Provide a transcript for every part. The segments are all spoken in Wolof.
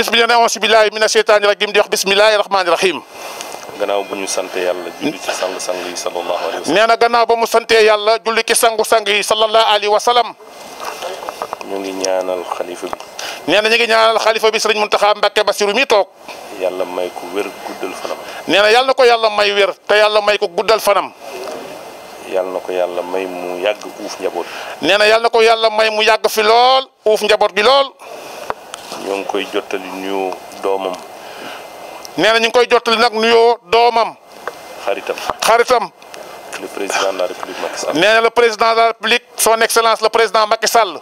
ministre bi nee na auzu billaahi mina sheytaani rajiim di wax bismillaahi rahmaani rahiim. gannaaw bu ñu sant yàlla julli ci sang-sang yi sallallahu alayhi wa sallam. na gannaaw ba mu santee yàlla julli ci sangu-sang yi sallallahu alayhi wa sallam. ñu ngi ñaanal xalifa bi. nee na ñu ngi ñaanal xalifa bi sëriñ Muntaxa Mbàkke Basiru mi toog. yàlla may ko wér guddal fanam. nee na yàlla ko yàlla may wér te yàlla may ko guddal fanam. yàlla na ko yàlla may mu yàgg uuf njaboot. nee na ko yàlla may mu yàgg fi lool uuf njaboot bi lool. ñoo ngi koy jottali nuyoo doomam. nee na ñu ngi koy jottali nag nuyoo doomam. xaritam xaritam. le président de la république Macky Sall. nee na le président de la république son excellence le président Macky Sall.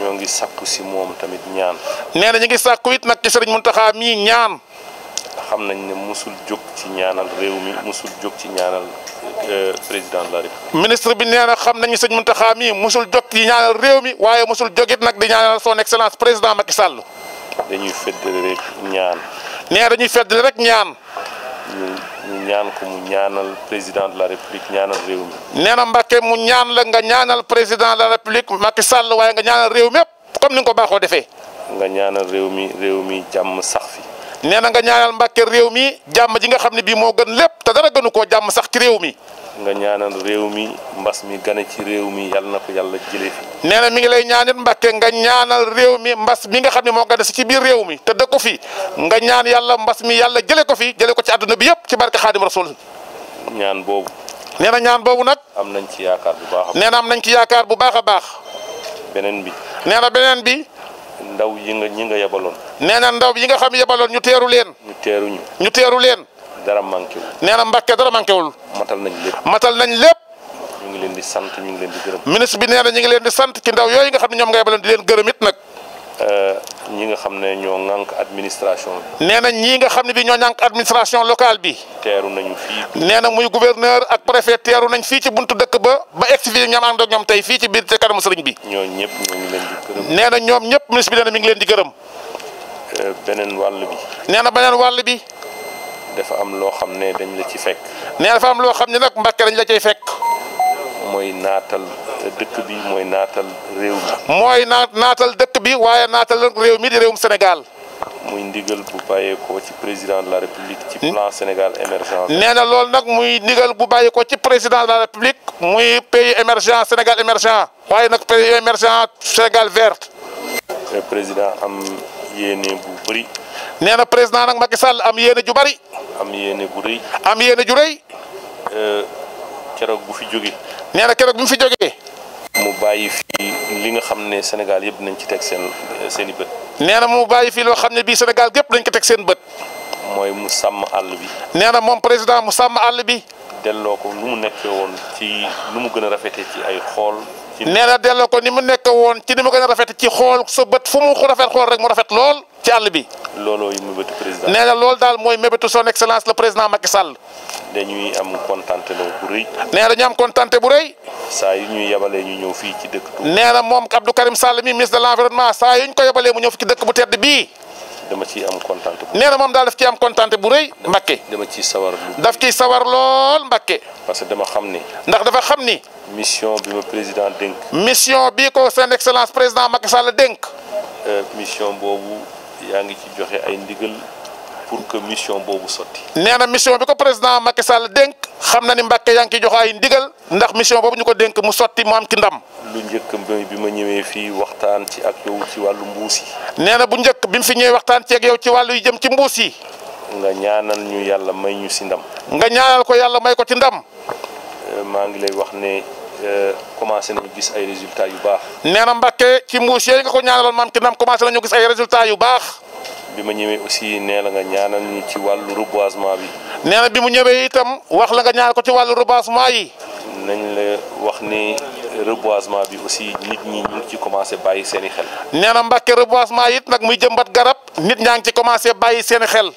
ñoo ngi sàkku si moom tamit ñaan. nee na ñu ngi sàkku it nag ci Serigne Mountakha mii ñaan. xam nañ ne musul jóg ci ñaanal réew mi musul jóg ci ñaanal euh, président la ministre bi na xam nañu sëñ Mountakha mii musul jóg ci ñaanal réew mi waaye musul jógit nag di ñaanal son excellence président Macky Sall. dañuy feddali rek ñaan. nee dañuy feddali rek ñaan. ñu ñaan ko mu ñaanal président de la république ñaanal réew mi. mu ñaan la nga ñaanal président la république Macky Sall waaye nga ñaanal réew mi yëpp comme ni nga ko baaxoo defee. nga ñaanal réew mi réew mi jàmm sax fi. nee nga ñaanal mbacke rew mi jamm ji nga xamni bi mo gën lepp te dara gënu koo sax ci rew mi. nga ñaanal rew mi mbass mi gane ci rew mi yalla nako yalla jilé fi. nee mi ngi lay ñaanal mbacke nga ñaanal rew mi mbass mi nga xamni mo gën ci biir rew mi te dëkku fi nga ñaan yalla mbass mi yalla jilé ko fi jilé ko ci aduna bi yépp ci barka khadim Rasul. ñaan bobu nee ñaan bobu nak am nañ ci yaakar bu baax a am nañ ci yaakar bu baaxa baax. benen bi. benen bi. ndaw yi nga ñi nga yabalon nee ndaw yi nga xam yebalon ñu téru leen. ñu téru ñu. ñu téru leen. dara manké wul. nee mbacké dara manké wul. matal nañ lepp matal nañ lepp ñu ngi leen di sant ñu ngi leen di gërëm. ministre bi nee ñu ngi leen di sant ci ndaw yoy nga xam ñom nga yebalon di leen gërëm it euh ñi nga xam ne ñoo ngank administration bi. ñi nga xam ne bi ñoo ngank administration locale bi. téru nañu fi. nee muy gouverneur ak préfet téru nañ fi ci buntu dëkk ba ba egg si fii ak ñom tay fi ci biir te kanam sëriñ bi. ñooñu ñepp ñu ngi leen di gërëm. nee ñom ñepp ministre bi nee mi ngi leen di gërëm. Euh, beneen wàll bi. nee na beneen wàll bi. dafa am loo xam ne dañ la ci fekk. nee na am loo xam ne nag Mbàkke dañ la cay fekk. mooy naatal dëkk bi mooy naatal réew mi. mooy naatal dëkk bi waaye naatal réew mi di réewum Sénégal. muy ndigal bu bàyyeekoo ci président de la république. ci plan Sénégal émergent. nee na loolu nag muy ndigal bu ko ci président de la république. muy pays émergent Sénégal émergent. waaye nag pays émergent Sénégal vert. Euh, président am yéene bu bëri. nee na président nag Macky Sall am yéene ju bari am yéene bu rëy. am yéene ju rëy. Euh, keroog bu fi jógee. nee na keroog bu mu fi jógee. mu bàyyi fii li nga xam ne Sénégal yëpp nañ ci teg seen euh, seen i bët. nee na mu bàyyi fii loo xam ne bii Sénégal gépp nañ ko teg seen bët. mooy mu sàmm àll bi. nee na moom président mu sàmm àll bi. delloo ko lu mu nekkee woon ci lu mu gën a rafetee ci ay xool. nee na delloo ko ni mu nekk woon ci ni mu gën a rafet ci xool sa bët fu mu rafet xool rek mu rafet lool ci àll bi. looloo yi président. nee na loolu daal mooy mébétu son excellence le président Macky Sall. dañuy am kontante bu rëy. nee na ñu am kontante bu rëy. saa ñuy yabalee ñu ñëw fii ci dëkk. nee na moom Abdou Karim Sall mi ministre de l'environnement saa yu ñu ko yabalee mu ñëw fi ci dëkk bu tedd bii. ciy am kontante bu. moom daal daf ciy am kontante bu rëy. Mbakke dama ciy sawar daf ci sawar lool Mbakke. parce que dama xam ni. ndax dafa xam ni. mission bi ma président denk mission bi ko Sen excellence président Macky Sall dénk. Euh, mission bobu yaa ngi ci joxe ay ndigal pour que mission bobu soti nee mission bi ko président Macky Sall denk xamna ni mbacke yaa ngi joxe ay ndigal ndax mission bobu ñuko denk mu soti mu am ci ndam. lu ñeek mbéy bi ma ñewé fi waxtaan ci ak yow ci walu mbusi yi. bu ñeek bi mu fi ñewé waxtaan ci ak yow ci walu jëm ci mbusi nga ñaanal ñu yalla may ñu ci ndam. nga ñaanal ko yalla may ko ci ndam. Euh, ma ngi lay wax ne. Euh, commencé nañu gis ay résultats yu baax. nee na ci mbuus yooyu nga ko ñaanaloon maam Tinam commencé nañu gis ay résultats yu baax. bi ma ñëwee aussi nee la nga ñaanal ñu ci wàllu reboisement bi. nee bi mu ñëwee itam wax la nga ñaan ko ci wàllu reboisement yi. nañu la wax ni reboisement bi aussi nit ñi ñu ci commencé bàyyi seen i xel. nee na Mbacke reboisement yi it nag muy jëmbat garab nit ñaa ci commencé bàyyi seen i xel.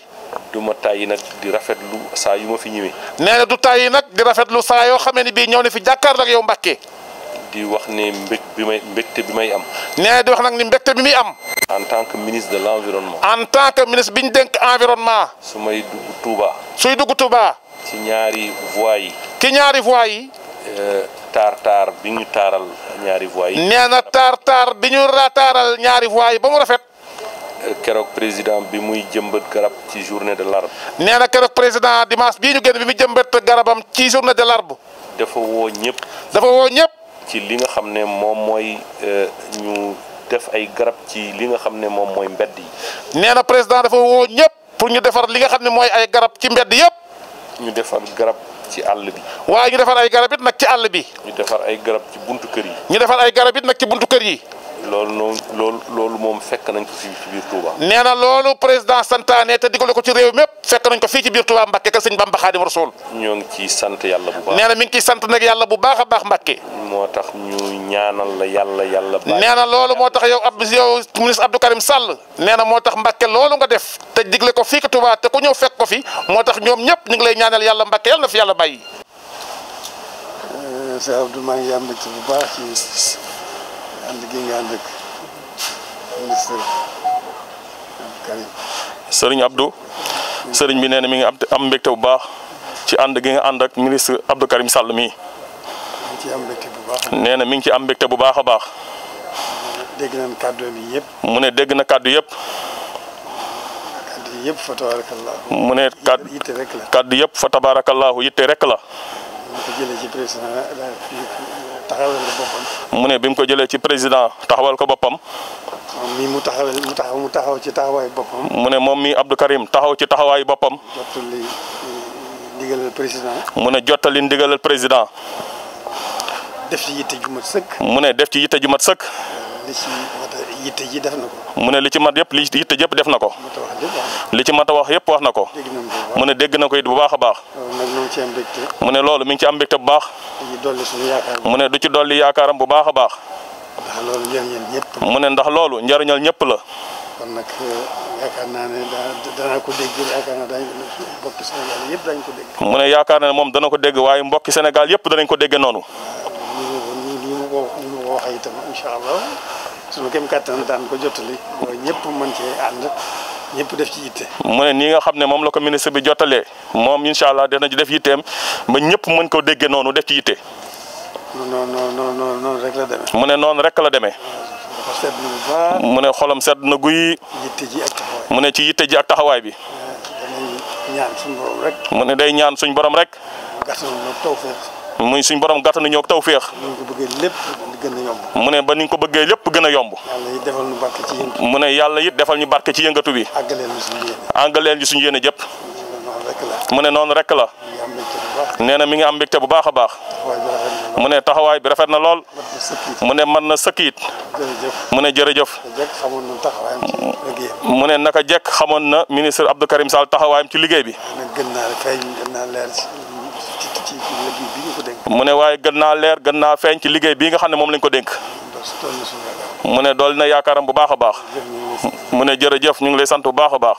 du ma tàyyi di rafetlu saa yu ma fi ñëwee. nee na du tàyyi nag di rafetlu saa yoo xamee ni bii ñëw na fi jàkkaarloo ak yow Mbacke. di wax ne bi may bi may am. nee na di wax nag ni mbégte bi muy am. en tant que ministre de l' en tant que ministre bi ñu environnement. su dugg Touba. suy dugg Touba. ci ñaari voies yi. ci ñaari voies yi. Euh, taar taar ñaari yi. na taar taar bi ñaari yi ba mu keroog président bi muy jëmbat garab ci journée de l'arbre. nee na keroog président dimanche bii ñu génn bi muy jëmbat garabam ci journée de l'arbre. dafa woo ñëpp. dafa woo ñëpp. ci li nga xam ne moom mooy euh, ñu def ay garab ci li nga xam ne moom mooy mbedd yi. nee na président dafa woo pour ñu defar li nga xam ne mooy ay garab ci mbedd yëpp. ñu defar garab ci àll bi. waaye ñu defar ay garab it nag ci àll bi. ñu defar ay garab ci buntu kër yi. ñu defar ay garabit it nag ci buntu kër yi. Lolo lolo loolu loolu moom fekk nañ ko fii ci biir Touba. nee na loolu président santaane te digale ko ci réew mépp fekk nañ ko fii ci biir Touba Mbacke ka sëñ Bamba Xaadim Rasul. ñoo ngi ciy yalla yàlla bu baax nee na mi ngi ciy sant nag yàlla bu baax baax Mbacke. moo ñu ñaanal la yàlla yàlla. baax nee na loolu yow ab yow ministre Abdou Karim Sall. nee na moo tax Mbacke loolu nga def te digle ko fii ci Touba te ku ñëw fekk ko fi moo tax ñoom ñëpp ñu ngi lay ñaanal yàlla Mbacke yàlla fi yalla bàyyi. Euh, sëñ Abdou maa ngi am bu baax ci Sering Abdul, sering bina ministre Abdou Karim sëriñ bi nee mi ngi am ci gi nga Karim Sall mii nee na mi ngi ci am mbégte bu baax baax dégg nañ kàddu na kàddu yëpp kàddu fa tabaarakallaahu mu mu ne bi mu ko jëlee ci président taxawal ko boppam. moom mii mu taxawal mu taxaw mu taxaw ci taxawaayu boppam. mu ne moom mii Abdou Karim taxaw ci taxawaayu boppam. jottali eh, ndigalal président. mu ne jottali ndigalal président. def ci yitte ju mat sëkk. mu ne def ci yitte ju mat sëkk. li yitte ji def na mu ne li ci mat yëpp li yitte yëpp def na ko. li ci mat a wax yëpp wax na ko. mu ne dégg na ko it bu baax a baax. mu ne loolu mi ngi ci am mbégte bu baax. mu ne du ci dolli yaakaaram bu baax a baax. mu ne ndax loolu njariñal ñëpp la. kon nag eh, yaakaar ko dégg yaakaar naa daañu mbokki mu ne yaakaar na ne moom dana ko dégg waaye mbokki Sénégal yëpp danañ ko dégg noonu. suñu kéem kattan daan ko jottali ba ñëpp mën cee ànd ñëpp def mu ne nii nga xam ne moom la ko ministre bi jottalee moom incha allah dana def yitteem ba ñëpp mën ko déggee noonu def ci yitte. non non non non rek la demee. mu ne noonu rek la demee. mu ne xolam sedd na guy. mu ne ci yitte ji ak taxawaay bi. Eh, mu ne day ñaan suñ borom rek. mu ne rek. muy suñ borom gàttanu ñëw taw féex. mu ne ba ni ko bëggee lépp gën a yomb. mu ne yàlla it defal ñu barke ci yëngatu bi. àggaleel ñu suñu yéene jëpp. mu ne noonu rek la. nee na mi ngi am mbégte bu baax a baax. mu ne taxawaay bi rafet na lool. mu ne mën na sëkkiit. mu ne jërëjëf. mu ne naka jekk xamoon na ministre Abdou Karim Sall taxawaayam ci liggéey bi. mu ne waaye gën naa leer gën naa feeñ ci liggéey bii nga xam ne moom lañ ko dénk. mu ne dool na yaakaaram bu baax a baax. mu ne jërëjëf ñu ngi lay sant bu baax a baax.